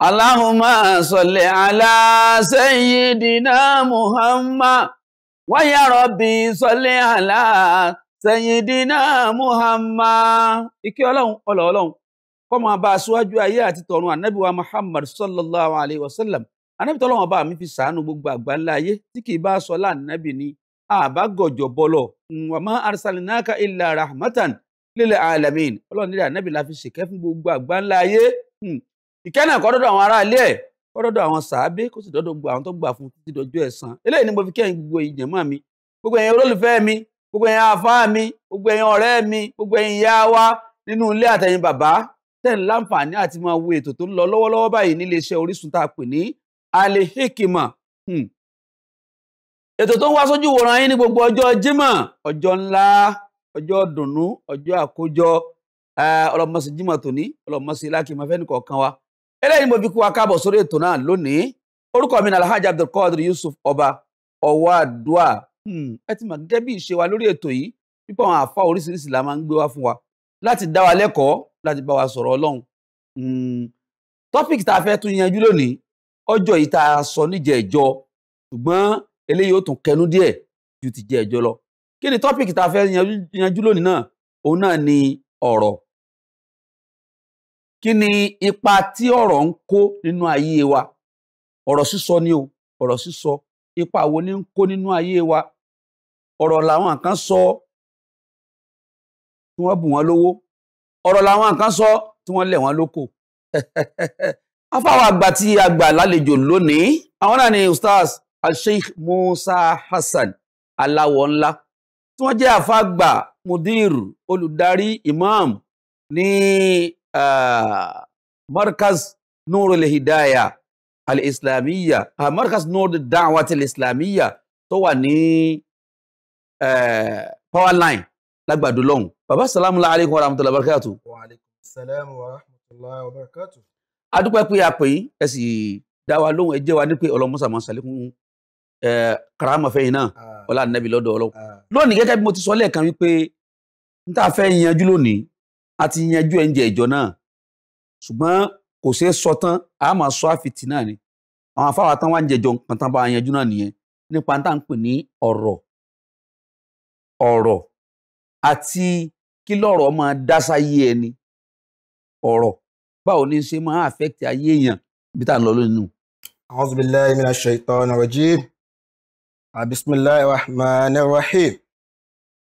Allahumma salli ala sayyidina Muhammad wa ya Rabbi salli ala sayyidina Muhammad. Ìkẹ́ ọlọ́run ọlọ́ ọlọ́run kó máa bá aṣíwájú ayé àti tọ̀run ànábì wa Muhammad sallallahu alayhi wa sallam. Ànábì tọ́lọ́run ọba mi fi ṣàánú gbogbo àgbáńlá ayé tí kì í bá aṣọ láàánábì ni àbá gọ̀jọ̀ bọ́lọ̀ wa ma arsalnaka illa rahmatan lil alamin. Ọlọ́run nílẹ̀ ànábì la fi ṣèkẹ́ fún gbogbo àgbáńlá ayé. Hmm ìkẹ́ náà kọ́ dọ́dọ̀ àwọn ará ilé ẹ̀ kọ́ dọ́dọ̀ àwọn sàábé kó sì dọ́dọ̀ gbogbo àwọn tó gbà fún títí dọjọ́ ẹ̀san eléyìí ni mo fi kẹ́yìn gbogbo ìyẹn mọ́ mi gbogbo ẹ̀yin olólùfẹ́ mi gbogbo ẹ̀yin afá mi gbogbo ẹ̀yin ọ̀rẹ́ mi gbogbo ẹ̀yin ìyá wa nínú ilé àtẹ̀yin bàbá tẹ̀ ń láǹfààní àti máa wo ètò tó ń lọ lọ́wọ́lọ́wọ́ báyìí ní iléeṣẹ́ Orísun tá a pè ní Al-Hikmat hmm. ètò tó ń wá sójú wòran yín ní gbogbo ọjọ́ Jímọ̀ ọjọ́ ńlá ọjọ́ dùnnú ọjọ́ àkójọ ọlọmọsí Jímọ̀ tòní ọlọmọsí lákìmọ̀ fẹ́nìkọ̀ọ̀kan wa eléyìí mo fi kú wa káàbọ̀ sórí ètò náà lónìí orúkọ mi ni alhaji abdulkadir yusuf ọba ọwọ́adúà hmm, ẹ ti mọ̀ gẹ́gẹ́ bí ìṣe wa lórí ètò yìí pípọ̀ àwọn àfa oríṣiríṣi la máa ń gbé wá fún wa láti dá wa lẹ́kọ̀ọ́ láti bá wa sọ̀rọ̀ ọlọ́run hmm, topic tá a fẹ́ tún yanjú lónìí ọjọ́ yìí tá a sọ níjẹ̀ ẹ̀jọ́ ṣùgbọ́n eléyìí ó tún kẹnu díẹ̀ ju ti jẹ́ ẹ̀jọ́ lọ kí ni topic tá a fẹ́ yanjú lónìí náà òun náà ni ọ̀rọ̀ kí ni ipa tí ọ̀rọ̀ ń kó nínú ayé wa ọ̀rọ̀ sísọ ni o ọ̀rọ̀ sísọ ipa wo ni ń kó nínú ayé wa ọ̀rọ̀ làwọn kan sọ tí wọ́n bù wọ́n lówó ọ̀rọ̀ làwọn kan sọ tí wọ́n lẹ̀ wọ́n lóko afáwọn àgbà tí a lálejò lónìí àwọn náà ni ustaz alsheikh musa hasan aláwọ̀ ńlá tí wọ́n jẹ́ àfáàgbà mudir olùdarí imam ní markaz nurul hidaya al-islamiyya markaz nurul da'wat al-islamiyya tó wà ní power line lágbàdo lọ́hùn bàbá salamu alaykum wa rahmatulahi wa barakatu. wa alaykum salamu wa rahmatulahi wa barakatu. adúpẹ́ pé a pè yín ẹ sì dá wa lóhùn ẹ jẹ́ wa ní pé ọlọ́mọsà máa ṣàlékún karama fẹ́yìn náà ọlá nàbí lọ́dọ̀ ọlọ́run lónìí gẹ́gẹ́ bí mo ti sọ lẹ́ẹ̀kan wípé n ta fẹ́ yanjú lónìí a ti yanjú ẹ̀ǹjẹ̀ ìjọ náà ṣùgbọ́n kò ṣeé sọ tán a máa sọ àfitì náà ni àwọn afáwà tán wà ń jẹjọ nǹkan tán bá yanjú náà nìyẹn nípa tá à ń pè ní ọ̀rọ̀ ọ̀rọ̀ àti kí lọ̀rọ̀ máa dásá yé ẹni ọ̀rọ̀ báwo ni ṣe máa àfẹ́kì ayé èèyàn bí tá à ń lọ lónìí. a'udhu billahi minash shaitani rajim bismillahir rahmanir rahim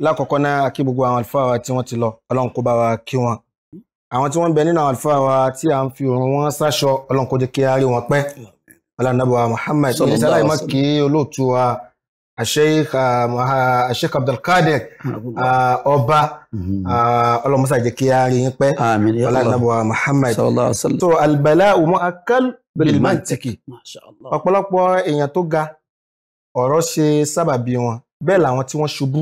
lákọ̀ọ́kọ́ náà a kí gbogbo àwọn àlùfáà wa tí wọ́n ti lọ ọlọ́run kó bá wa kí wọn àwọn tí wọ́n ń bẹ nínú àwọn àlùfáà wa tí à ń fi òrùn wọn sáṣọ ọlọ́run kó jẹ́ kí a rí wọn pẹ́ alanabuwa Muhammad ìdísẹ́ aláìmọ́ kí olóòtú wa Sheikh Abdulkadir ọba mm-hmm. ọlọ́mọsá jẹ́ kí a rí yín pẹ́ alanabuwa Muhammad tó albala umu akal bilmantiki ọ̀pọ̀lọpọ̀ èèyàn tó ga ọ̀rọ̀ ṣe sábàbí wọn bẹ́ẹ̀ làwọn tí wọ́n ṣubú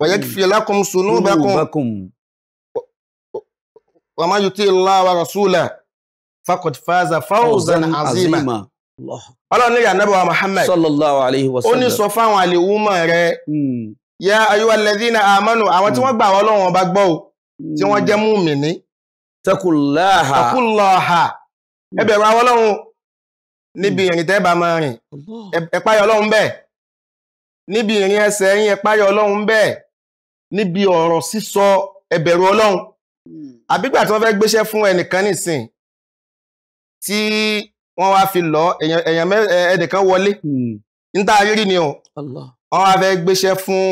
ويغفر لكم ذنوبكم وما يطيع الله ورسوله فقد فاز فوزا عظيما ọlọ́run ní ìyànàbọ̀ wa Muhammad sallallahu alaihi wasallam ó ní sọ fáwọn àlèwúmọ̀ rẹ̀ hmm. ya ayúwà lẹ́dínà àmọ́nù àwọn tí wọ́n hmm. gbà wọ́n lọ́wọ́n bá gbọ́ tí wọ́n jẹ́ hmm. mùmínì takullaha ẹ bẹ̀rù àwọn ọlọ́run níbi ìrìn tẹ́ bá máa rìn ẹ ọlọ́run bẹ́ẹ̀ níbi ìrìn ẹsẹ̀ yín ẹ ọlọ́run bẹ́ẹ̀ níbi ọ̀rọ̀ sísọ ẹ̀bẹ̀rù ọlọ́run hmm. àbígbà tí wọ́n fẹ́ gbéṣẹ́ fún ẹnìkan nísìn tí wọ́n wá fi lọ èèyàn ẹnìkan wọlé hmm. níta rírí ni o wọ́n wá fẹ́ gbéṣẹ́ fún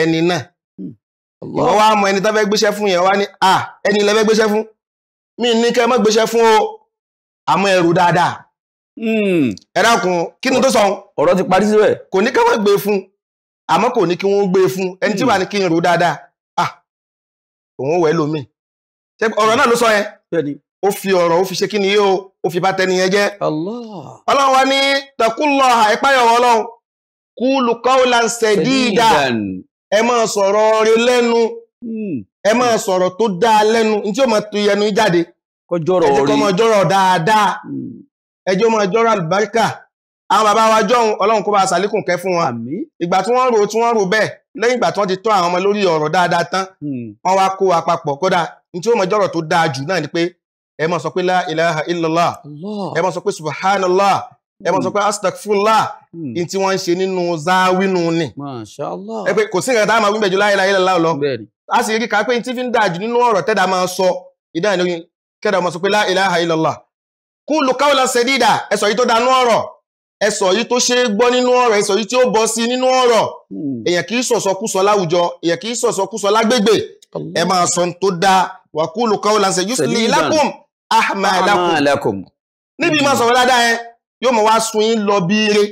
ẹni náà hmm. ìwọ́n wá mọ ẹni tó fẹ́ gbéṣẹ́ fún yẹn wá ní à ẹni ilẹ̀ fẹ́ gbéṣẹ́ fún mi ní kẹ́ mọ́ gbéṣẹ́ fún o àmọ́ ẹrù dáadáa ẹ dákun kí ni tó sọ ọ̀rọ̀ ti parí síbẹ̀ kò ní ká má gbé e fún àmọ́ kò ní kí wọ́n gbé e fún ẹni tí hmm. wà ní kí n dáadáa ah òun wẹ̀ lómi ọ̀rọ̀ náà ló sọ yẹn ó fi ọ̀rọ̀ ó fi ṣe kí ni yóò ó fi bá tẹni yẹn jẹ́ ọlọ́run wa ní tẹkúlọ àìpáyọ̀ ọlọ́run kúlù qawlan sadida ẹ máa sọ̀rọ̀ rẹ lẹ́nu hmm. ẹ máa sọ̀rọ̀ tó lẹ́nu tí ó máa tu ẹnu jáde kọ́ jọ́rọ̀ dáadáa hmm. jọ́rọ̀ àlùbáríkà àwọn bàbá wa jọ̀hún ọlọ́run kó bá a ṣàlékún kẹ́ fún wọn ìgbà tí wọ́n rò tí wọ́n rò bẹ́ẹ̀ lẹ́yìn ìgbà tí wọ́n ti tọ́ àwọn ọmọ lórí ọ̀rọ̀ dáadáa tán hmm. wọ́n wá kó wa papọ̀ kódà ní tí ó mọ jọ̀rọ̀ tó dáa jù náà ni pé ẹ mọ̀ sọ pé la ilaha illallah ẹ mọ̀ sọ pé subhanallah ẹ mọ̀ sọ pé hmm. astagfirullah hmm. ní tí wọ́n ń ṣe nínú záwínú ni ẹ pé kò sí nǹkan tá a máa wí bẹ̀jú la ilaha illallah a sì rí ká pé tí fi ń dáa jù nínú ọ̀rọ̀ tẹ́dà máa sọ ìdáhùn kẹ́dà mọ̀ sọ pé la ilaha illallah kúlù qawlan sadida ẹ sọ yìí tó danú ọ̀rọ̀ ẹ yìí tó ṣe é gbọ́ nínú ọ̀rọ̀ ẹ sọ yìí tí ó bọ́ sí nínú ọ̀rọ̀ hmm. èèyàn kì í sọ̀sọkúsọ láwùjọ èèyàn kì í sọ̀sọkúsọ lágbègbè ẹ máa sọ tó dáa wàkúlù qawlan sayuslih lakum a'malakum níbi máa sọ̀rọ̀ dáadáa yẹn yóò máa wá sun yín lọ bí ire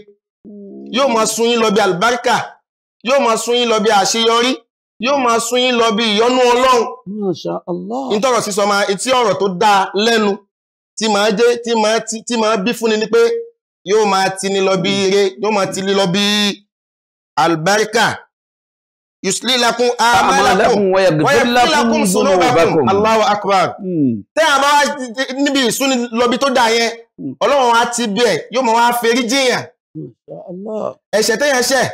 hmm. yóò máa sun yín lọ bí àlùbáríkà yóò máa sun yín lọ bí àṣeyọrí yóò máa sun yín lọ bí ìyọ́nú Ọlọ́run Masha Allah nítorọ̀ sísọ máa etí ọ̀rọ̀ tó dáa lẹ́nu tí máa jẹ́ tí máa bí fúnni ni pé yóò máa tini lọ bí hmm. ire yóò máa tini lọ bí albarika yusli lakun amalakun. wayagfir lakum dhunubakum Allahu akbar hmm. tẹ́ àbá níbi ìsúni lọ́bí tó dà yẹn hmm. ọlọ́run wa ti bí ẹ̀ yóò máa wá fèrí jìyàn ẹ̀ṣẹ̀ tẹ́yàn ṣẹ̀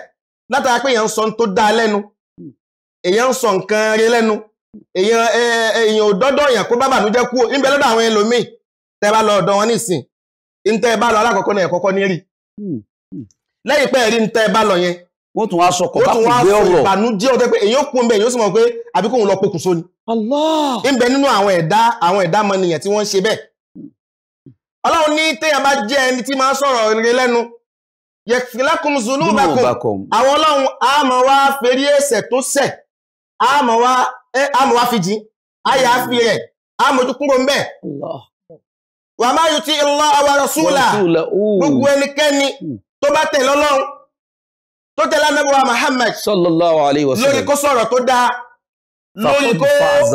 látara pé èèyàn ń sọ tó dá lẹ́nu èèyàn ń sọ nǹkan rí lẹ́nu èèyàn ò dọ́dọ̀ èèyàn kó bá bànújẹ́ kú níbẹ̀ lọ́dọ̀ àwọn ẹlòmíì tẹ́ bá lọ ọ̀dọ̀ wọn nísìn ntẹ́ ẹ bá lọ alákọ̀ọ́kọ́ náà ẹ̀kọ́kọ́ ní rí hmm, hmm. lẹ́yìn pé ẹ̀rí ntẹ́ ẹ bá lọ yẹn wọ́n tún wá sọ kọ́ bá kò gbé ọ̀rọ̀ ìbànújẹ́ ọ̀tẹ́ pé èyí ó kún bẹ́ẹ̀ yóò sì mọ̀ pé àbí kóun lọ pokùnso ni. ń bẹ nínú àwọn ẹ̀dá àwọn ẹ̀dá mọ̀nìyàn tí wọ́n ń ṣe bẹ́ẹ̀. ọlọ́run ní téèyàn bá jẹ́ ẹni tí máa ń sọ̀rọ̀ rere lẹ́nu yẹ̀kìlákùn zunúbàkùn àwọn ọlọ́run àmọ́ wá ferí ẹ̀ṣẹ̀ tó ṣẹ̀ àmọ́ wá fi jìn àyà fi rẹ̀ àmójúkúrò ń bẹ́ẹ̀ wà máa yóò tí Allah wa rasúlà gbogbo ẹnikẹ́ni hmm. tó bá tẹ̀lé Ọlọ́run tó tẹ̀lé Ànábì wa Muhammad sallallahu alayhi wa sallam lórí kó sọ̀rọ̀ tó dáa lórí kó kórìíre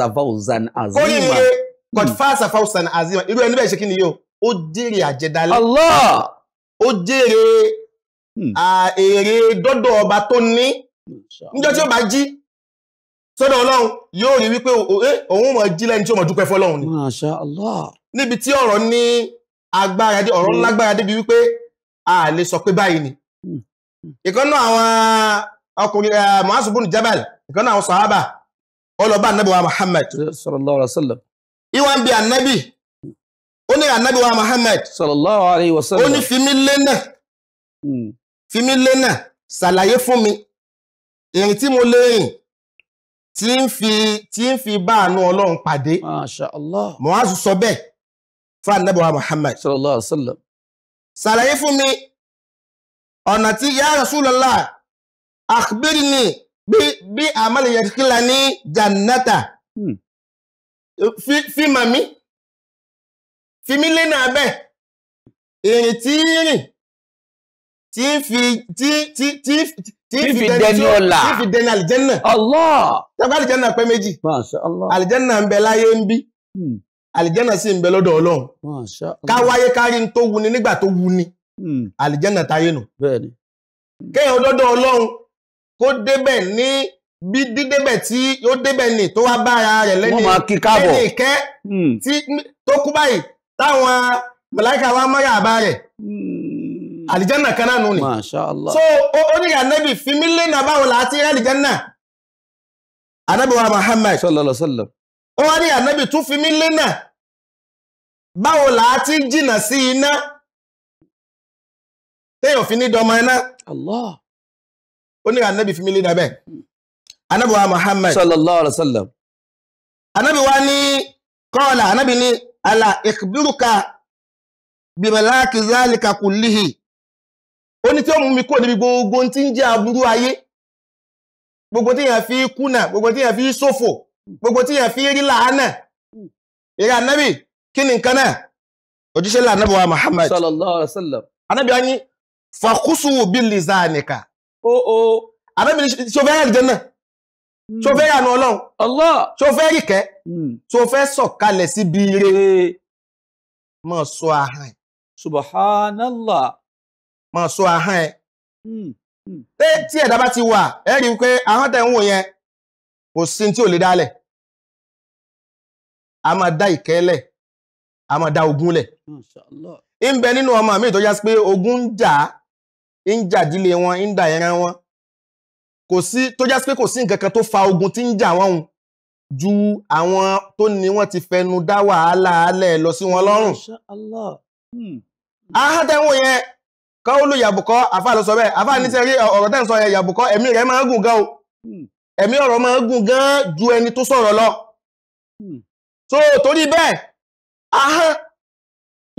kọ̀tífàṣà hmm. fawzan azima irú ẹni bẹ́ẹ̀ ṣe kí ni yóò ó jèrè àjẹdálẹ́ ó jèrè hmm. èrè dọ́dọ̀ ọba tó ní níjọ́ tí ó bá jí sọ́dọ̀ Ọlọ́run yóò rí wípé eh, òun mọ̀ jí lẹ́ni tí ó mọ̀ dúpẹ́ fọ́lọ́run ni. níbi tí ọ̀rọ̀ ní agbára dé ọ̀rọ̀ lágbára débi wípé a lè sọ pé báyìí ni ìkànnà àwọn ọkùnrin eh, mahasubun jabal ìkànnà àwọn sahaba ọlọ́ba anabi wa muhammad sallallahu alayhi alaihi wasallam ìwọ̀n bí anabi ó ní anabi wa muhammad sallallahu alaihi wasallam ó ní fimi lẹ́nà hmm. fimi lẹ́nà ṣàlàyé fún mi ìrìn tí mo lè rìn tí ń fi bá àánú ọlọ́run pàdé Masha sọ bẹ́ẹ̀ fún anábọ̀wá Muhammad sallallahu alaihi wasallam ṣàlàyé fún mi ọ̀nà tí ya Rasulullah akhbirni bí àmàlẹ̀ yẹ̀kílà ní jannata hmm. fi màmí fi mí lé náà bẹ́ẹ̀ ìrìn tí rìn tí fi tí tí tí tí fi dẹni ọ̀la tí fi dẹni àlìjẹ́nà. Allah. tẹ́gbẹ́ àlìjẹ́nà pé méjì. Masha Allah. àlìjẹ́nà ń bẹ láyé ń bí. Hmm àlìjẹ́nà sì ń bẹ lọ́dọ̀ ọlọ́run ká wáyé kárí ní tó wuni nígbà tó wuni hmm. àlìjẹ́nà táyé nù. kéèyàn dọ́dọ̀ ọlọ́run kó débẹ̀ ní bí dídébẹ̀ tí yóò débẹ̀ ní tó wá bára rẹ̀ lẹ́ni lẹ́ni ìkẹ́ hmm. tó kú báyìí táwọn màláíkà wa mọ́ra àbá rẹ̀ hmm. àlìjẹ́nà kan náà nù ni. so ó ní ànábì fi mí lé nàbáwò láti rẹ́ àlìjẹ́nà ànábì wa Muhammad sallallahu alaihi wọ́n ní ànábì tún fi mí lẹ́nà báwo là á ti jìnà sí iná téèyàn fi ní dọmọ iná Allah ó ní ànábì fi mí lẹ́nà bẹ́ẹ̀ ànábì wa Muhammad sallallahu alaihi wa sallam ànábì wa ní kọ́ọ̀là ànábì ní àlà ìkbírùkà bìbẹ̀láàkì zálìkà kùlìhì ó ní tí ó mú mi kúrò níbi gbogbo tí ń jẹ́ aburú ayé gbogbo tí yẹn fi kùnà gbogbo tí yẹn fi ṣòfò gbogbo tí yẹn fi rí làánà ìrẹ ànábì kí ni nǹkan náà òjíṣẹ́ làánàbì wa Muhammad sallallahu alaihi wasallam ànábì wa ní fàkúsù bí lizanika ànábì tí o fẹ́ rẹ̀ jẹ́nà tí o fẹ́ rẹ̀ àánú ọlọ́run tí o fẹ́ rí kẹ́ tí hmm. o fẹ́ sọ̀kalẹ̀ sí bí ire mọ̀ sọ ahọ́n ẹ̀ subhanallah mọ̀ sọ ahọ́n ẹ̀ hmm, hmm. tí ẹ̀dá bá ti wà ẹ̀ rí i pé ahọ́n tẹ̀ ń wò yẹn kò sí tí ò lè dálẹ̀ a máa dá ìkẹ́lẹ̀ a máa dá ogun lẹ̀ ń bẹ nínú ọmọ mi tó sí pé ogun ń jà ń jà wọn ń dà ẹran wọn kò sí tọ́já sí pé kò sí nǹkan kan tó fa ogun tí ń jà wọn hùn ju àwọn tó ní wọn ti fẹnu dá wàhálà alẹ lọ sí wọn lọ́rùn ahátẹ́wọ̀n hmm. yẹn kọ́ ó lò yàbùkọ́ àfa ló sọ bẹ́ẹ̀ àfáà ní hmm. sẹ́rí ọ̀rọ̀ tẹ́ ń sọ yẹn yàbùkọ́ ẹ̀mí rẹ̀ máa ń gùn gan o. Hmm. ẹ̀mí ọ̀rọ̀ máa ń gùn gan ju ẹni tó sọ̀rọ̀ lọ hmm. so torí bẹ́ẹ̀ ahán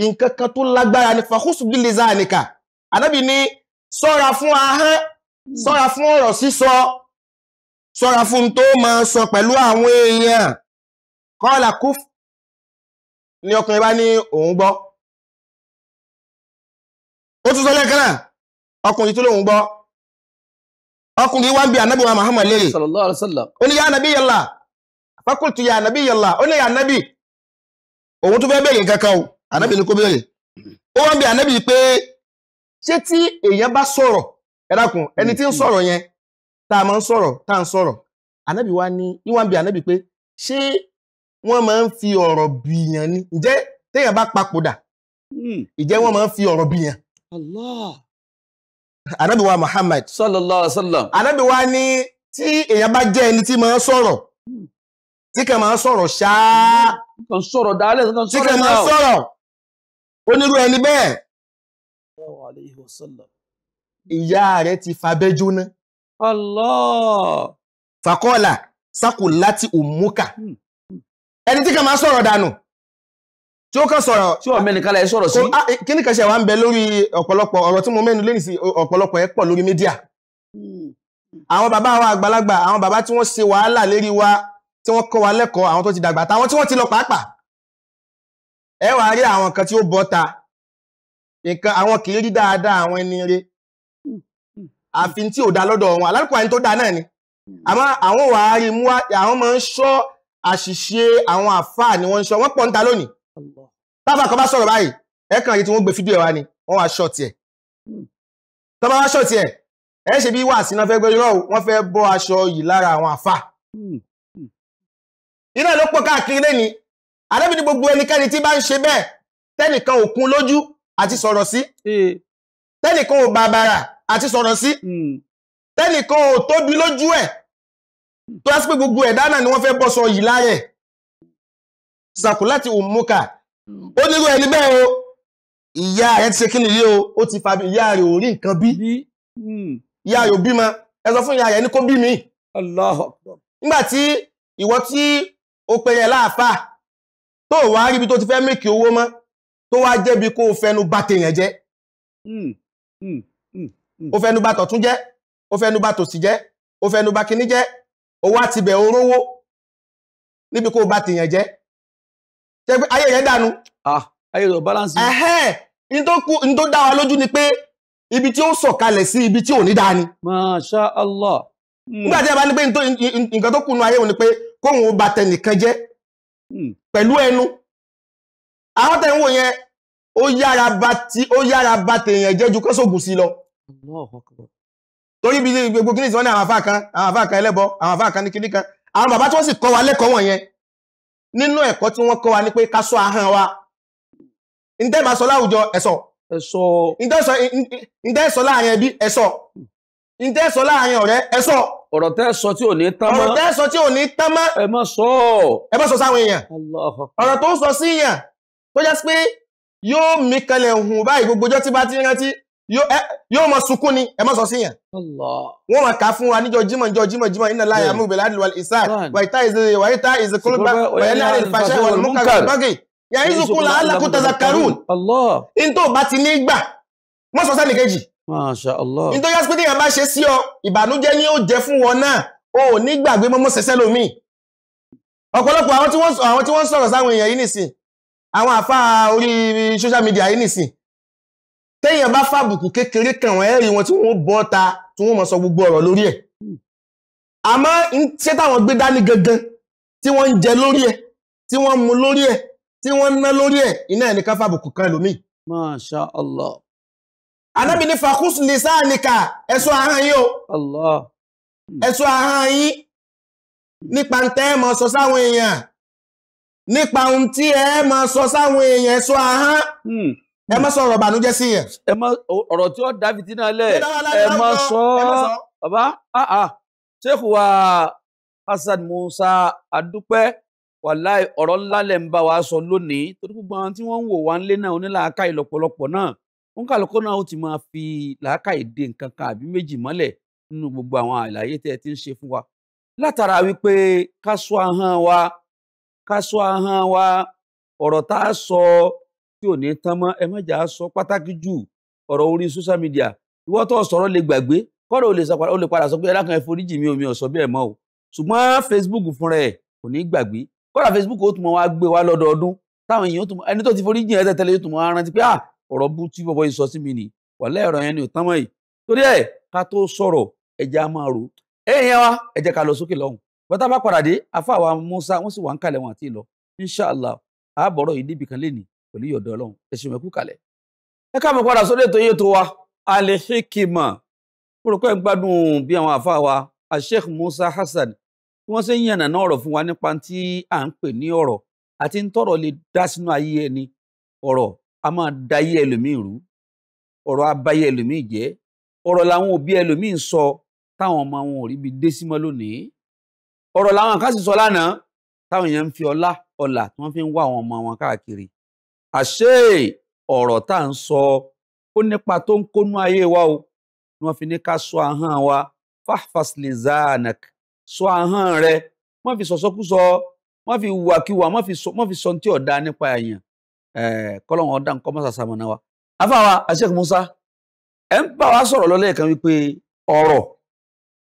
nǹkan kan tó lágbára ni fàkóso bí lèza àníkà ànábì ni sọ́ra fún ahán hmm. sọ́ra fún ọ̀rọ̀ sísọ sọ́ra fún tó máa sọ pẹ̀lú àwọn èèyàn kọ́ọ̀là kúf ni ọkùnrin bá ní òun gbọ́ ó tún sọ lẹ́ẹ̀kan náà ọkùnrin tó lóun gbọ́ ọkùnrin iwambi anabi bi Onye wa Muhammad lérè ya alaihi wasallam ó ní yá ànábì yàlá fakultu yá ànábì yàlá ó o ànábì ni kò béèrè bi ànábì pé ṣé tí èèyàn bá sọ̀rọ̀ ẹ dákun ẹni tí ń sọ̀rọ̀ ń fi ọ̀rọ̀ bìyàn ni Nje téèyàn bá papòdà hmm. wọ́n ma ń fi Ànábì Muhammad. Sallallahu alaihi wasallam. Ànábì wa ní tí èèyàn bá jẹ́ ẹni tí máa ń sọ̀rọ̀ tí kàn máa ń sọ̀rọ̀ ṣáá. Kàn sọ̀rọ̀ dálẹ̀ kàn sọ̀rọ̀ náà. Tí kàn máa Sallallahu alaihi wasallam. Ìyá rẹ̀ ti fabẹ́ jóná. Allah. Fakola sakulati umuka? òmùkà. Hmm, hmm. Ẹni tí kàn máa ń tí ó kàn sọ̀rọ̀ tí ọ̀mẹ́ nìkan lẹ̀ sọ̀rọ̀ sí. kí ni kan ṣe wá ń bẹ lórí ọ̀pọ̀lọpọ̀ ọ̀rọ̀ tí mo mẹ́nu lé nìsí ọ̀pọ̀lọpọ̀ ẹ̀ pọ̀ lórí mídíà. àwọn bàbá wa àgbàlagbà àwọn bàbá tí wọ́n ṣe wàhálà lérí wa tí wọ́n kọ́ wa lẹ́kọ̀ọ́ àwọn tó ti dàgbà àtàwọn tí wọ́n ti lọ pàápàá. ẹ wàá rí àwọn kan tí ó ni àmọ́ àwọn wàá rí mú àwọn máa ń ṣọ́ tábà kan bá sọ̀rọ̀ báyìí ẹ kàn yìí tí wọ́n gbé fídíò wa ni wọ́n wá ṣọ́ọ̀tì ẹ̀ tọ́ba wá ṣọ́ọ̀tì ẹ̀ ẹ ṣe bí wàásì náà fẹ́ gbé yọrọ wọ́n fẹ́ bọ́ aṣọ yìí lára àwọn àfà hmm. Hmm. iná ló pọ̀ káàkiri lẹ́ni àdébìní gbogbo ẹnikẹ́ni tí bá ń ṣe bẹ́ẹ̀ tẹ́nìkan ò kún lójú àti sọ̀rọ̀ sí tẹ́nìkan ò bàbàrà àti sọ̀rọ̀ sí hmm. tẹ́nìkan ò tóbi lójú ẹ̀ tó ni wọ́n fẹ́ bọ́ sọ yìí zakulati umuka ó nírú ẹni bẹ́ẹ̀ o ìyá rẹ̀ ti ṣe kí nìyí o ó ti fàbí ìyá rẹ̀ ò rí nǹkan bí hmm. ìyá rẹ̀ ò bímọ ẹ sọ fún ìyá rẹ̀ ní kó bí mi. nígbà tí ìwọ tí ó pe yẹn láàfà tó wá ríbi tó ti fẹ́ mìkì owó mọ́ tó wá jẹ́bi kó o fẹnu bà tèèyàn jẹ́ hmm. Hmm. o fẹnu bà tọ̀tún jẹ́ o fẹnu bà tòsì jẹ́ o fẹnu bà kíní jẹ́ o wá tibẹ̀ orówó níbi kó o bà tèèyàn jẹ́ ṣe ayé rẹ̀ dànù. ah ayé rẹ̀ balance. ẹ̀hẹ́ n tó kú n tó dá lójú ni pé ibi tí ó sọ̀kalẹ̀ sí ibi tí ò ní masha allah. Hmm. nígbà tí a bá ní pé nǹkan tó ayé ni pé kóun ó ba tẹnìkan jẹ́ hmm. pẹ̀lú ẹnu àwọn tẹ̀ ń wò yẹn ó yára ba ti ó yára ba tèèyàn jẹ́ lọ. torí ibi gbogbo kí ni àwọn ẹlẹ́bọ àwọn ní kíní kan àwọn bàbá tí wa lẹ́kọ̀ọ́ wọ̀nyẹn nínú ẹ̀kọ́ tí wọ́n kọ́ wa ní pé ká ṣọ́ ahọ́n wa ǹdẹ́ máa sọ láwùjọ ẹ̀sọ́ ẹ̀sọ́ ǹdẹ́ sọ láàrin ẹbí ẹ̀sọ́ ǹdẹ́ sọ láàrin ọ̀rẹ́ ẹ̀sọ́ ọ̀rọ̀ tẹ́ sọ tí ò ní tán mọ́ ọ̀rọ̀ tẹ́ sọ tí ò ní tán mọ́ ẹ má sọ ẹ má sọ sáwọn èèyàn ọ̀rọ̀ tó ń sọ sí èèyàn tó jẹ́ pé yóò mí kalẹ̀ hùn báyìí gbogbo ọjọ́ tí bá ti rántí yóò mọ sunkún ni ẹ mọ sọ sí yẹn. wọ́n máa kà á fún wa níjọ jímọ̀ níjọ jímọ̀ jímọ̀ iná láyé amú ìbẹ̀lẹ̀ àdìlú ìsá wàyíta ìzẹ̀ wàyíta ìzẹ̀ kọlọ́gbà wàyẹ̀lẹ̀ àrẹ̀ ìfàṣẹ wọ̀lẹ̀ mú kàgbà bágì yà á ìzùkú là á lakú tẹ̀sà karun. ntọ́ bá ti ní gbà mọ́ sọ sẹ́ni kejì. ntọ́ yá pé téèyàn bá ṣe sí ọ ìbànújẹ́ ni ó jẹ́ fún wọn náà o ò ní gbàgbé mọ́ sẹ́sẹ́ lomi. ọ̀pọ̀lọpọ̀ àwọn tí wọ́n sọ̀rọ̀ sáwọn èèyàn yìí nìsín àwọn àfa orí social media yìí nìsín téèyàn bá fàbùkù kékeré kan wọn ẹ̀rí wọn tí wọ́n bọ́ ta tí wọ́n mọ̀ sọ gbogbo ọ̀rọ̀ lórí ẹ̀ àmọ́ ṣé táwọn gbé dání gangan tí wọ́n ń jẹ lórí ẹ̀ tí wọ́n ń mu lórí ẹ̀ tí wọ́n ń ná lórí ẹ̀ iná ẹ̀ ní ká fàbùkù kan lómìn. Masha Allah. Anábì ní Fakus lè sáà nìkà ẹ̀sọ́ o. Allah. Ẹ̀sọ́ ahọ́n yìí nípa ń tẹ́ ẹ mọ sọ sáwọn èèyàn nípa ohun tí ẹ mọ sọ sáwọn èèyàn ẹ̀sọ́ ahọ́n. Hmm. ẹ má sọ ọ̀rọ̀ ìbànújẹ́ ọ̀rọ̀ tí ó dá ẹ bàbá ah, ah. wa Hasan Musa adúpẹ́ wàláì ọ̀rọ̀ ńlá wa sọ lónìí torí gbogbo tí wọ́n ń wò wá lé náà onílàákàyè lọ́pọ̀lọpọ̀ náà wọ́n náà o ti ma fi làákàyè kan àbí gbogbo àwọn àlàyé tí ò ní tán mọ́ ẹ mọ̀jà sọ pàtàkì jù ọ̀rọ̀ orí social media ìwọ́ tó sọ̀rọ̀ lè gbàgbé kọ́rọ̀ ò lè padà sọ pé ẹlẹ́kan ẹ foríjì mi omi ọ̀sọ́ bẹ́ẹ̀ mọ́ o ṣùgbọ́n Facebook fúnra ẹ̀ kò ní gbàgbé kọ́rọ̀ Facebook ó tún mọ́ wá gbé wá lọ́dọọdún táwọn èèyàn tún ẹni tó ti foríjì ẹ tẹ́tẹ́lẹ́ yóò tún mọ́ rántí pé ah ọ̀rọ̀ bú tí bọ́bọ́ yìí sọ sí mi nì wàlẹ́ ọ̀rọ̀ yẹn ni ò tán mọ́ yìí torí ẹ̀ ká tó sọ̀rọ̀ ẹja máa rò ẹ̀yìn wa ẹ jẹ́ ká lọ sókè lọ́hùn bọ́tá bá padà dé afáwa Musa wọ́n sì wà ń kalẹ̀ wọn àti ìlọ inshàlá àbọ̀rọ̀ yìí débìkan lénìí pẹ̀lú ìyọ̀dọ̀ ọlọ́run ẹ ṣe mẹ́kú kalẹ̀. ẹ káàmù padà sórí ètò yìí tó wa alihikima mo rò pé ń gbádùn bí àwọn àfa wa asheikh musa hasan tí wọ́n ṣe ń yànnà náà ọ̀rọ̀ fún wa nípa tí à ń pè ní ọ̀rọ̀ àti ń tọ̀rọ̀ lè dá sínú ayé ẹni ọ̀rọ̀ a máa da ayé ẹlòmíì rú ọ̀rọ̀ abayé ẹlòmíì jẹ́ ọ̀rọ̀ làwọn òbí ẹlòmíì ń sọ táwọn ọmọ wọn ò rí bi dé símọ́ lónìí ọ̀rọ̀ làwọn kan sọ lánàá táwọn èèyàn ń fi ọlá ọlà tí wọ́n fi ń wá àwọn ọmọ wọn káàkiri àṣé ọ̀rọ̀ tá à ń sọ ó nípa tó ń kónú ayé wa o ni wọ́n fi ní ká sọ ahọ́n wa fáfàsìlèzánàk sọ ahọ́n rẹ wọ́n fi sọ̀sọ́kúsọ wọ́n fi wàkiwà wọ́n fi sọ tí ọ̀dà nípa èèyàn kọ́lọ́wọ́n ọ̀dà nǹkan mọ́sàsà mọ̀nà wa. afáwa Sheikh Musa ẹ̀ ń bá wa sọ̀rọ̀ lọ́lẹ́ kan wípé ọ̀rọ̀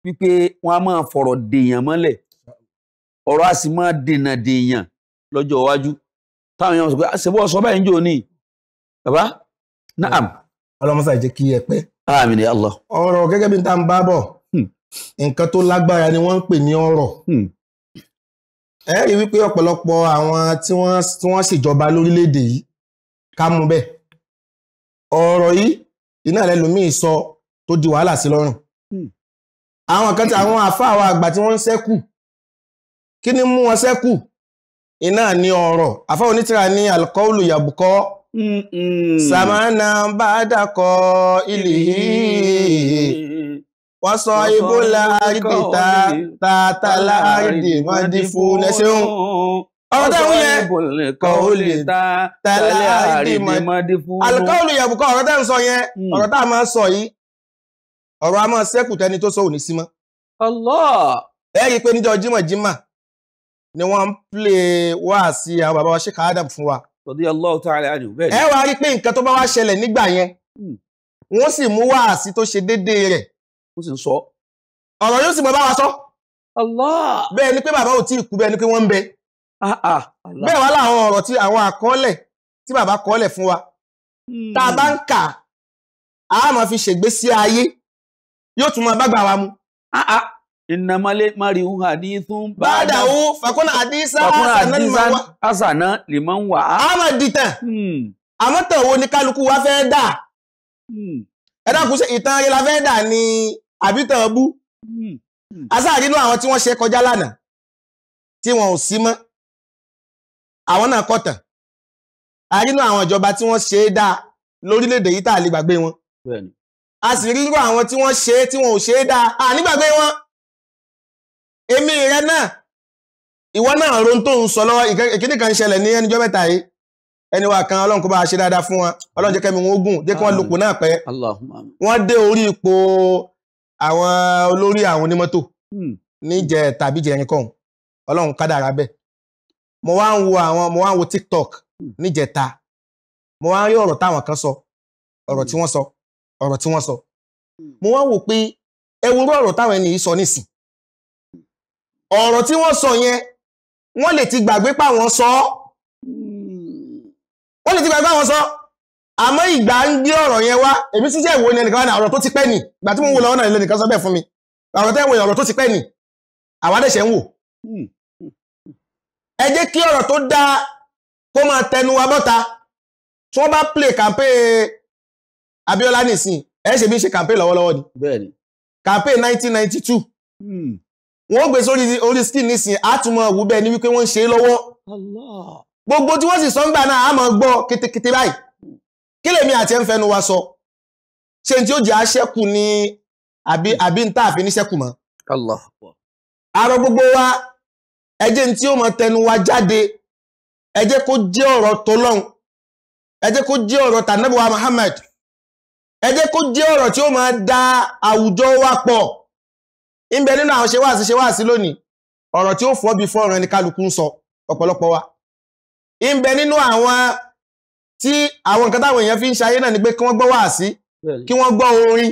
wípé wọ́n á máa fọ̀rọ̀ dèèyàn mọ́lẹ̀ ọ̀rọ̀ á sì máa dènà dèèyàn lọ́jọ́ iwájú táwọn èèyàn sọ pé ah, ṣe bọ́ sọ báyìí ń jò ní bàbá naam. ọlọmọsà jẹ́ kí ẹ pẹ́. àmín ya Allah. ọ̀rọ̀ gẹ́gẹ́ bí n ta ń bá bọ̀ hmm. nǹkan tó lágbára ni wọ́n ń pè ní ọ̀rọ̀. Hmm. ẹ rí wípé ọ̀pọ̀lọpọ̀ àwọn tí wọ́n ṣèjọba lórílẹ̀‐èdè yìí ká mú bẹ́ẹ̀. ọ̀rọ̀ yìí iná rẹ lómìn sọ tó di wàhálà sí lọ́rùn. Hmm. àwọn kan tí àwọn àfáà wa àgbà tí wọ́n ń ṣẹ́kù kí ni mú wọn ṣẹ́kù iná ní ọ̀rọ̀ Afọ onítìrà ní alkọ́ọ̀lù yàbùkọ́ sàmánà bá dàkọ́ ìlìhí wọ́n sọ ibó láàrídì tààtàlá àrídì wọ́n dí fún ẹṣẹ́hùn ọ̀rọ̀ tẹ́hùn yẹn kọ́ọ̀lù tààtàlá àrídì wọ́n dí fún alkọ́ọ̀lù yàbùkọ́ ọ̀rọ̀ tẹ́hùn sọ yẹn mm. ọ̀rọ̀ tá a máa sọ yìí ọ̀rọ̀ a máa sẹ́kù tó sọ òní símọ́ rí i ni wọ́n ń plé wáàsí àwọn bàbá wa Sheikh Adam fún wa. Radiyallahu ta'ala anhu bẹ́ẹ̀ ni. ẹ wá rí i pé nǹkan tó bá wá ṣẹlẹ̀ nígbà yẹn hmm. wọ́n sì mú wáàsí tó ṣe déédéé rẹ̀. ó sì ń sọ. ọ̀rọ̀ yóò sì mọ bá wa sọ. Allah. bẹ́ẹ̀ ni pé bàbá ò tí ì kú bẹ́ẹ̀ ni pé wọ́n ń bẹ. Ah, ah, bẹ́ẹ̀ wá láwọn ọ̀rọ̀ tí àwọn àkọọ́lẹ̀ tí bàbá kọ́ọ́lẹ̀ fún wa. Hmm. tá a bá ń kà á máa fi ṣègbésí ayé yóò tún máa bá gbà wa mu. Ah, ìnàmọ́lé marihu hadithun báadáwó fàkúnà àdísá àsànà lèmọ́ ń wà á. àmà dìtàn àmọ́tàn wo ni kálukú wa fẹ́ dà hmm. ẹ dákun ṣe ìtàn ayé la fẹ́ ni ní àbítàn bú hmm. hmm. asáàrínú àwọn tí wọ́n ṣe kọjá lánàá tí wọn ò sí mọ́ àwọn náà kọ̀tàn àrínú àwọn ìjọba tí wọ́n ṣe é dá lórílẹ̀‐èdè yìí tá a lè gbàgbé wọn a sì rí irú àwọn tí wọ́n ṣe é tí wọn ò ṣe é dá nígbàgbé wọn. èmi rẹ náà ìwọ náà ron tó ń sọ lọ́wọ́ ìkíní kan ṣẹlẹ̀ ní ẹnijọ́ mẹ́ta yìí ẹni wa kan ọlọ́run kó bá ṣe dáadáa fún wọn ọlọ́run jẹ́ kẹ́mi wọn gùn jẹ́ kí wọ́n lupò náà pẹ́ wọ́n dé orí ipò àwọn olórí àwọn onímọ́tò hmm. níjẹ mo wá ń wo àwọn mo wá ń tiktok hmm. níjẹta mo wá ń rí ọ̀rọ̀ táwọn kan sọ ọ̀rọ̀ hmm. tí wọ́n sọ ọ̀rọ̀ tí sọ mo wá wò pé ẹ wo sọ nísìn ọ̀rọ̀ tí wọ́n sọ yẹn wọ́n lè ti gbàgbé pa wọ́n sọ wọ́n lè ti gbàgbé pa wọ́n sọ àmọ́ ìgbà ń gbé ọ̀rọ̀ yẹn wá èmi sísẹ́ ìwò ni ẹnìkan wà ní ọ̀rọ̀ tó ti pẹ́ nì ìgbà tí mo ń wo lọ́wọ́ náà lẹ́nìkan sọ bẹ́ẹ̀ fún mi ọ̀rọ̀ tẹ́ ń wo ọ̀rọ̀ tó ti pẹ́ nì àwọn adẹ́sẹ̀ ń wò ẹ jẹ́ kí ọ̀rọ̀ tó dáa kó máa tẹnu wa bọ́ta tí wọ́n bá play campaign Abiola nìsín ẹ ṣe bí ṣe campaign lọ́wọ́lọ́wọ́ ni campaign 1992 wọ́n gbé sórí orí skin nísìn bẹ́ẹ̀ ni wípé wọ́n ṣe gbogbo tí wọ́n sì sọ ń gbà náà a máa gbọ́ kétékété báyìí kí lèmi àti ẹ̀ ń fẹnu wa sọ ṣé n tí ó jẹ́ àṣẹ́kù ni àbí àbí àfi níṣẹ́kù gbogbo wa ẹ jẹ́ tí ó mọ tẹnu wa jáde kó jẹ́ ọ̀rọ̀ kó jẹ́ ọ̀rọ̀ kó ń ninu nínú àwọn ṣewáàsí ṣewáàsí lónìí ọ̀rọ̀ tí ó fọ́ bí fọ́ọ̀rọ̀ ẹni kálukú ń sọ ọ̀pọ̀lọpọ̀ wa ń nínú àwọn tí àwọn nǹkan táwọn èèyàn fi ń ṣayé náà ni kí wọ́n gbọ́ wáàsí kí wọ́n gbọ́ orin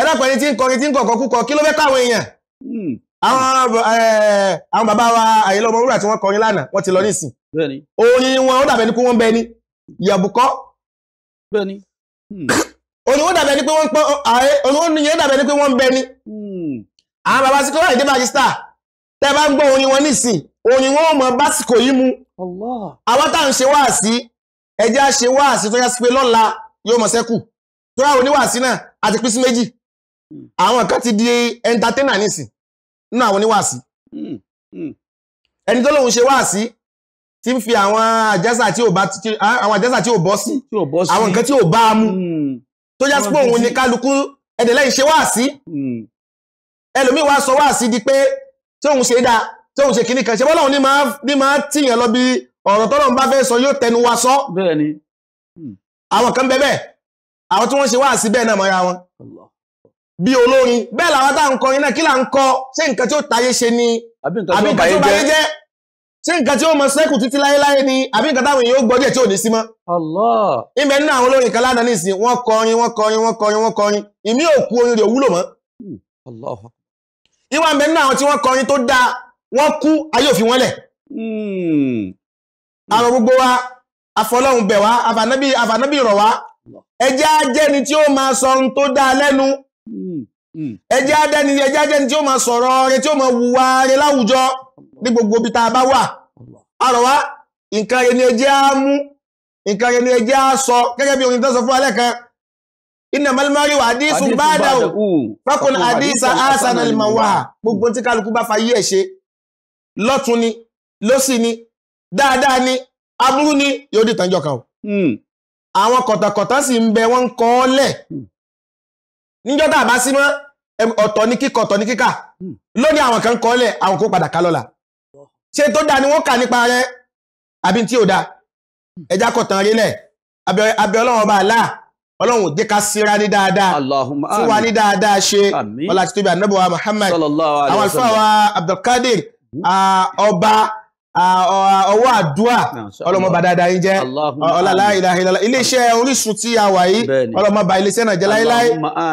ẹlẹ́pẹ̀ẹ́ni tí ń kọrin tí ń kọ̀kọ́ be kí ló fẹ́ káwọn èèyàn hmm. àwọn eh, baba wa àyẹ̀lọ́ ti àwọn bàbá sí kọ́lá ìdíbà jí star tẹ́ bá ń gbọ́ orin wọn nísìn orin wọn ò mọ básìkò yìí mu àwọn táwọn ṣe wáàsí ẹjẹ́ ṣe wáàsí tó yá sí pé lọ́la yóò mọ̀ sẹ́kù tó yá oníwàásí náà àti pín sí méjì àwọn kan ti di entertainer nísìn nínú àwọn oníwàásí ẹni tó lóun ṣe wáàsí tí ń fi àwọn àjẹsà tí ò bá àwọn àjẹsà tí ò bọ́ sí àwọn nǹkan tí ò bá a mú hmm. tó yá sí pé òun ni kálukú ẹ̀dẹ̀ lẹ́yìn ṣe wáàsí hmm. elomi wa sọ wa si di pe tí òun ṣe dáa tí òun ṣe kìíní kan ṣe bọ́lọ́run ní máa ba fe sọ yóò tẹnu wa sọ. bẹ́ẹ̀ni. Hmm. kan be be àwọn ti wọ́n ṣe wa si be na mọ́ra wọn. bí olórin bẹ́ẹ̀ làwọn tá à ń kọrin náà kí là ń kọ se ni àbí nǹkan tí ó seku titi ni kan ìwà ń bẹ nínú àwọn tí wọ́n kọrin tó dáa wọ́n kú ayé òfin wọ́n lẹ̀ hmm. àwọn gbogbo wa afọlọ́hun bẹ̀ wá afànábì afànábì rọ̀ wá ẹjẹ́ ajẹ́ni tí ó máa sọ ohun tó dáa lẹ́nu hmm. hmm. ẹjẹ́ ajẹ́ni ẹjẹ́ ajẹ́ni tí ó máa sọ̀rọ̀ rẹ tí ó máa wùwà rẹ láwùjọ ní gbogbo ibi tá a bá wà àrọ̀ wá nǹkan rẹ ni ẹjẹ́ á mú nǹkan rẹ ni ẹjẹ́ á sọ gẹ́gẹ́ bí orin tó sọ fún alẹ́ kan innamal mari'u hadithun ba'dahu fakun haditha hasana al-mawaha gbogbo tí kálukú bá fayé ẹ̀ ṣe lọ́tún ni lọ́sì ni dáadáa ni aburú ni yóò di tàǹjọ kan o hmm. àwọn kọ̀tàkọ̀tà sì ń bẹ wọ́n ń kọ́ ọ́ lẹ̀ hmm. níjọ́ tá a bá sí mọ́ ọ̀tọ̀ ní kíkọ ọ̀tọ̀ ní kíkà hmm. lónìí àwọn kan kọ́ lẹ̀ àwọn kó padà ká lọ́la ṣé tó dáa ni wọ́n kà nípa rẹ̀ àbí tí ò dáa ẹja kọ̀tàn rí lẹ̀ abẹ́ ọlọ́run ọba àlá ọlọ́run jẹ́ ká síra ní dáadáa fún wa ní dáadáa ṣe ọlá àti tóbi ànábọ̀wá Muhammad àwọn àlùfáà wa Abdulkadir hmm. ọba ọwọ́ àdúà ọlọ́mọba dáadáa yín jẹ́ ọlọ́lá ìlàhìlọ́lá iléeṣẹ́ Orísun tí a wà yìí ọlọ́mọba iléeṣẹ́ náà jẹ́ láíláí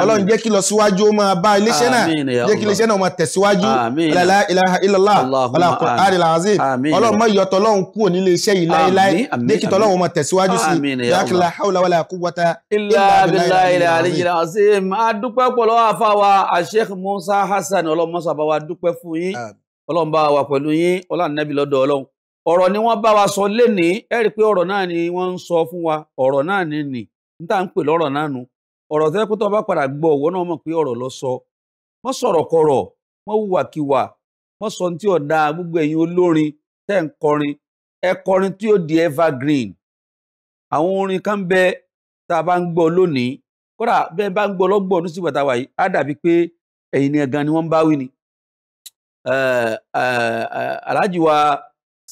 ọlọ́run jẹ́ kí lọ síwájú ó máa bá iléeṣẹ́ náà jẹ́ kí iléeṣẹ́ náà máa tẹ̀síwájú ọlọ́lá ìlàhìlọ́lá ọlọ́kọ̀ àrìlàhàzìm ọlọ́run mọ ìyọ̀tọ̀ ọlọ́run kúrò nílé iṣẹ́ yìí láíláí jẹ́ kí tọ́lọ́run máa tẹ̀síwájú sí yàkìlá haúlá wàlá quwwata illa billahi al-azim a dúpẹ́ pọ̀ lọ́wọ́ àfáwà Sheikh Musa Hassan ọlọ́mọ́sàbáwá dúpẹ́ fún ọlọ́run bá wà pẹ̀lú yín ọlànàbí lọ́dọ̀ ọlọ́run ọ̀rọ̀ ni wọ́n bá wa sọ lénìí ẹ rí i pé ọ̀rọ̀ náà ni wọ́n ń sọ fún wa ọ̀rọ̀ náà ni nì ń tà ń pè lọ́rọ̀ náà nu ọ̀rọ̀ tẹ́ pé tó bá padà gbọ́ ọ̀wọ́ náà mọ̀ pé ọ̀rọ̀ lọ sọ wọ́n sọ̀rọ̀ gbogbo ẹ̀yin olórin tẹ́ kọrin ẹ kọrin tí ó evergreen àwọn orin kan bẹ tá a bá ń gbọ́ lónìí kódà bẹ́ẹ̀ bá ń a wà yìí aláàjì wa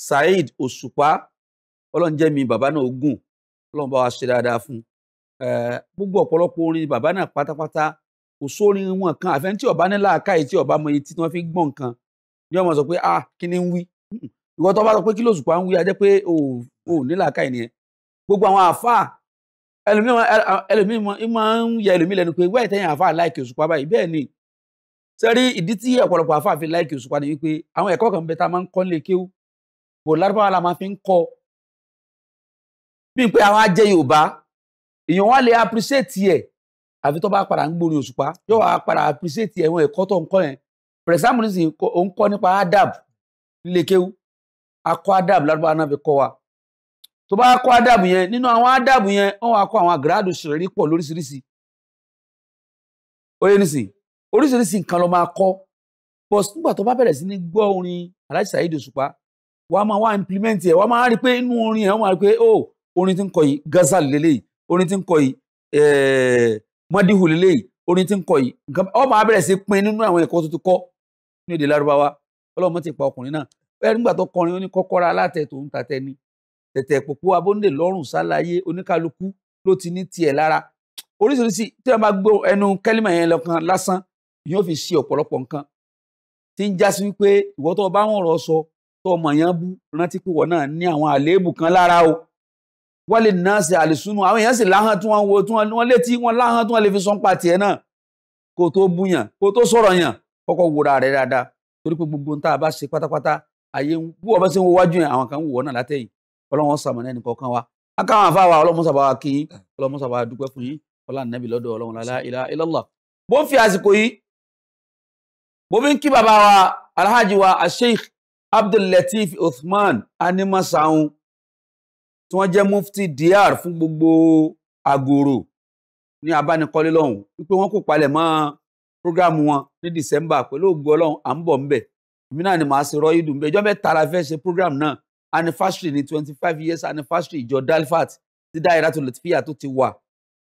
Saheed Òṣùpá ọlọ́run jẹ́ mi bàbá náà gùn ọlọ́run bá wa ṣe dáadáa fún gbogbo ọ̀pọ̀lọpọ̀ orin bàbá náà pátápátá kò sórin wọn kan àfẹn tí ọba ní làákàyè tí ọba mọ iye tí wọn fi gbọ́n nǹkan ni wọn sọ pé ah kí ni ń wí ìwọ tó bá sọ pé kí ló Òṣùpá ń wí ajẹ́ pé o ò ní làákàyè nìyẹn gbogbo àwọn àáfàá ẹlòmíì máa ń ya ẹlòmíì lẹ́nu pé wẹ́ẹ̀ tẹ́yìn àáfàá láìkè Òṣùpá báyìí bẹ́ẹ̀ ni sẹ́rí ìdí tí ọ̀pọ̀lọpọ̀ àfa àfi láìkì Òṣùpá ni wípé àwọn ẹ̀kọ́ kan bẹ tá a máa ń kọ́ nílé kéwú bò lárúbáwá la máa fi ń kọ́ bí pé àwọn ajẹ́ Yorùbá èèyàn wá lè appreciate ẹ̀ àfi tó bá padà ń gbórin Òṣùpá yóò wá padà appreciate ẹ̀ wọn ẹ̀kọ́ tó ń kọ́ yẹn for example nísìnyí ó ń kọ́ nípa adab nílé kéwú akọ́ adab lárúbáwá náà fi kọ́ wa tó bá kọ́ adab yẹn nínú àwọn adab yẹn wọ́n wá kọ́ àwọn agradu ṣẹ̀rí pọ̀ lóríṣiríṣi ó yẹ nísìnyí oríṣiríṣi nǹkan ló máa kọ́ but nígbà tó bá bẹ̀rẹ̀ sí ní gbọ́ orin Alhaji Saheed Òṣùpá wàá máa wá implement ẹ̀ wàá máa rí pé inú orin ẹ̀ wọ́n máa rí pé oh orin tí ń kọ yìí Ghazal lélẹ́yìí orin tí ń kọ yìí eh, Madihu lélẹ́yìí orin tí ń kọ yìí nǹkan ọ máa bẹ̀rẹ̀ sí pin nínú àwọn ẹ̀kọ́ tó ti kọ́ ní èdè Lárúbáwá Ọlọ́run ti pa ọkùnrin náà bẹ́ẹ̀ nígbà tó kọrin ó ní kọ́kọ́ra alátẹ̀ tó ń ta tẹ̀tẹ̀ pòpò abóńdè lọ́rùn sálàyé oníkálukú ló ti ní tiẹ̀ lára oríṣiríṣi tí wọ́n bá gbọ́ ẹnu kẹ́límà yẹn lọ́kàn lásán yóò fi ṣe ọ̀pọ̀lọpọ̀ nǹkan tí ń jásí wípé ìwọ tó bá wọn rọ sọ tó ọmọ yẹn bú rántí pé wọn náà ní àwọn àléébù kan lára o wọ́n lè ná sí àlìsúnú àwọn èèyàn sì láhàn tí wọ́n wo tí wọ́n létí wọ́n láhàn tí wọ́n lè fi sọ́n pa tiẹ̀ náà kó tó bú yàn kó tó sọ̀rọ̀ yàn kọ́kọ́ wòra rẹ̀ dáadáa torí pé gbogbo nta bá ṣe pátápátá àyè ń bú ọbẹ̀ sí ń wájú yẹn àwọn kan ń wò náà látẹ̀yìn ọlọ́wọ́n sàmọ̀nà ẹnì kọ̀ọ̀kan wa akáwọn àfa wa kì mo fi ń kí bàbá wa alhaji wa asheikh abdullateef uthman animasaun tí wọ́n jẹ́ mufti dr fún gbogbo agoro ní abánikọ́lé lọ́hùn wípé wọ́n kò palẹ̀ mọ́ programu wọn ní december pẹ̀lú ògùn ọlọ́run à ń bọ̀ ń bẹ̀ èmi náà ni màá ṣe rọ́ìdùn bẹ́ẹ̀ ìjọba ẹ̀ta la fẹ́ ṣe program náà anniversary ní twenty five years anniversary ìjọ dalfat ti Dahiratu Latifiyyah tó ti wà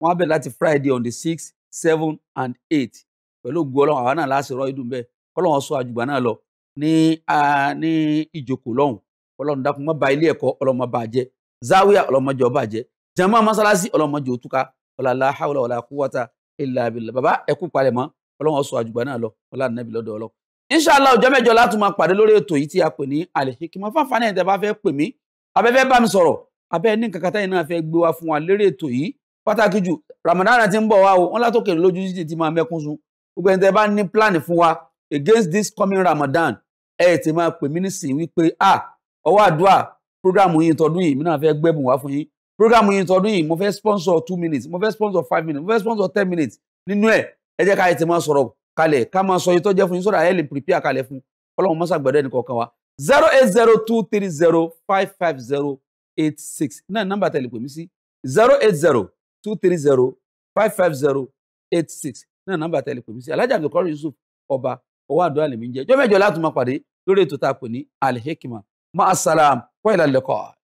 wọ́n á bẹ̀rẹ̀ láti friday on the six seven and eight pẹ̀lú ògùn ọlọ́run àwa náà láṣẹ rọ́ìdùn bẹ́ẹ̀ kọ́lọ́run sọ àjùgbà náà lọ ní ní ìjókòó lọ́hùn ọlọ́run dákun má bà ilé ẹ̀kọ́ ọlọ́mọ bà jẹ́ záwíà ọlọ́mọ jọ bà jẹ́ jàmá mọ́sálásí ọlọ́mọ jọ òtúka ọ̀làlá hàwùlà ọ̀là kúwàtà ìlà àbílà bàbá ẹ̀kú palẹ̀ mọ́ ọlọ́run sọ àjùgbà náà lọ ọlọ́run nàbí lọ́dọ̀ ọlọ́ inṣàlá ọjọ́ mẹ́jọ láti máa pàdé lórí ètò yìí tí a pè ní àlèkíkímọ́ fáfáàní ẹ̀ tẹ́ bá fẹ́ pè mí abẹ́fẹ́ bá mi sọ̀rọ̀ abẹ́ ní kankan táyìn náà fẹ́ gbé wa fún wa lórí ètò yìí pàtàkì jù Ramadan ti ń bọ̀ wá o wọn látòkè lójú títí máa mẹ́kún sun gbogbo ẹ̀ tẹ́ bá ní pílánì fún wa against this coming Ramadan ẹ ti máa pè mí nísìnyí wípé ah ọwọ́ àdúrà program yìí tọdún yìí mi náà fẹ́ gbẹ́bùn wá fún yín program yìí tọdún yìí mo fẹ́ sponsor two minutes mo fẹ́ sponsor five minutes mo fẹ́ sponsor ten minutes nínú ẹ̀ ẹ jẹ́ ká ẹ ti máa sọ̀rọ̀ kalẹ̀ ká máa sọ yìí tó jẹ́ fún yín sọ̀rọ̀ ẹ lè prepare kalẹ̀ fún ọlọ́run mọ́sá gbẹ̀dọ̀ ẹnì kọ̀ọ̀kan wa zero eight zero two three zero five five zero eight six náà nọ́mbà tẹ̀lé pè mí sí zero eight zero two three zero five five zero eight six náà nọ́mbà tẹ̀lé pè mí sí alájà mi kọ́rin Yusuf ọba ọwọ́ àdúrà lèmi ń jẹ́ jọ́mẹ́jọ láti máa pàdé lórí ètò tá a pè ní alhikima ma asalam wa ilal